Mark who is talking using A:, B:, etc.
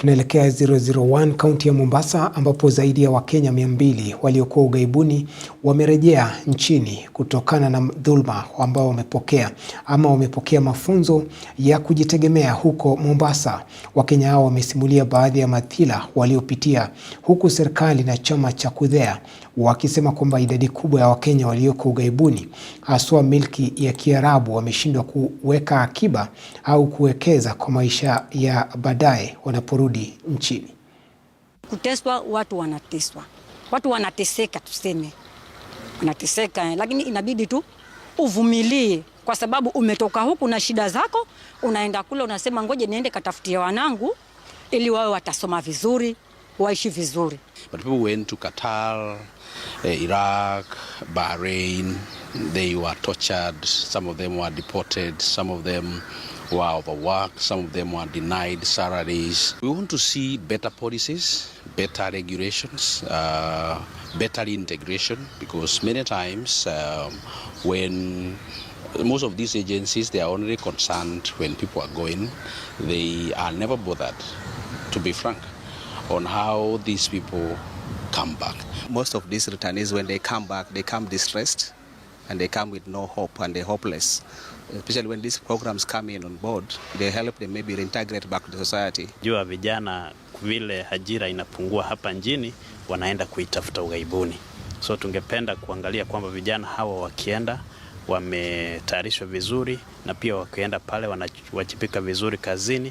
A: Tunaelekea 001 kaunti ya Mombasa ambapo zaidi ya Wakenya 200 waliokuwa ughaibuni wamerejea nchini kutokana na dhulma ambao wamepokea ama wamepokea mafunzo ya kujitegemea huko Mombasa. Wakenya hao wamesimulia baadhi ya madhila waliopitia, huku serikali na chama cha KUDHEA wakisema kwamba idadi kubwa ya Wakenya walioko ughaibuni haswa milki ya Kiarabu wameshindwa kuweka akiba au kuwekeza kwa maisha ya baadaye wanaporudi kurudi nchini.
B: Kuteswa, watu wanateswa, watu wanateseka, tuseme wanateseka, eh, lakini inabidi tu uvumilie, kwa sababu umetoka huku na shida zako, unaenda kule unasema ngoje niende katafutia wanangu ili wawe watasoma vizuri. waishi vizuri.
C: But people went to Qatar, eh, Iraq, Bahrain. They were tortured. Some of them were deported. Some of them were overworked. Some of them were denied salaries. We want to see better policies, better regulations, uh, better integration because many times um, when most of these agencies they are only concerned when people are going they are never bothered to be frank on how these people come back.
D: Most of these returnees, when they come back, they come distressed and they come with no hope and they're hopeless. Especially when these programs come in on board, they help them maybe reintegrate back to the society.
E: Jua vijana vile ajira inapungua hapa nchini, wanaenda kuitafuta ughaibuni. So tungependa kuangalia kwamba vijana hawa wakienda wametayarishwa vizuri na pia wakienda pale wanawajibika vizuri kazini.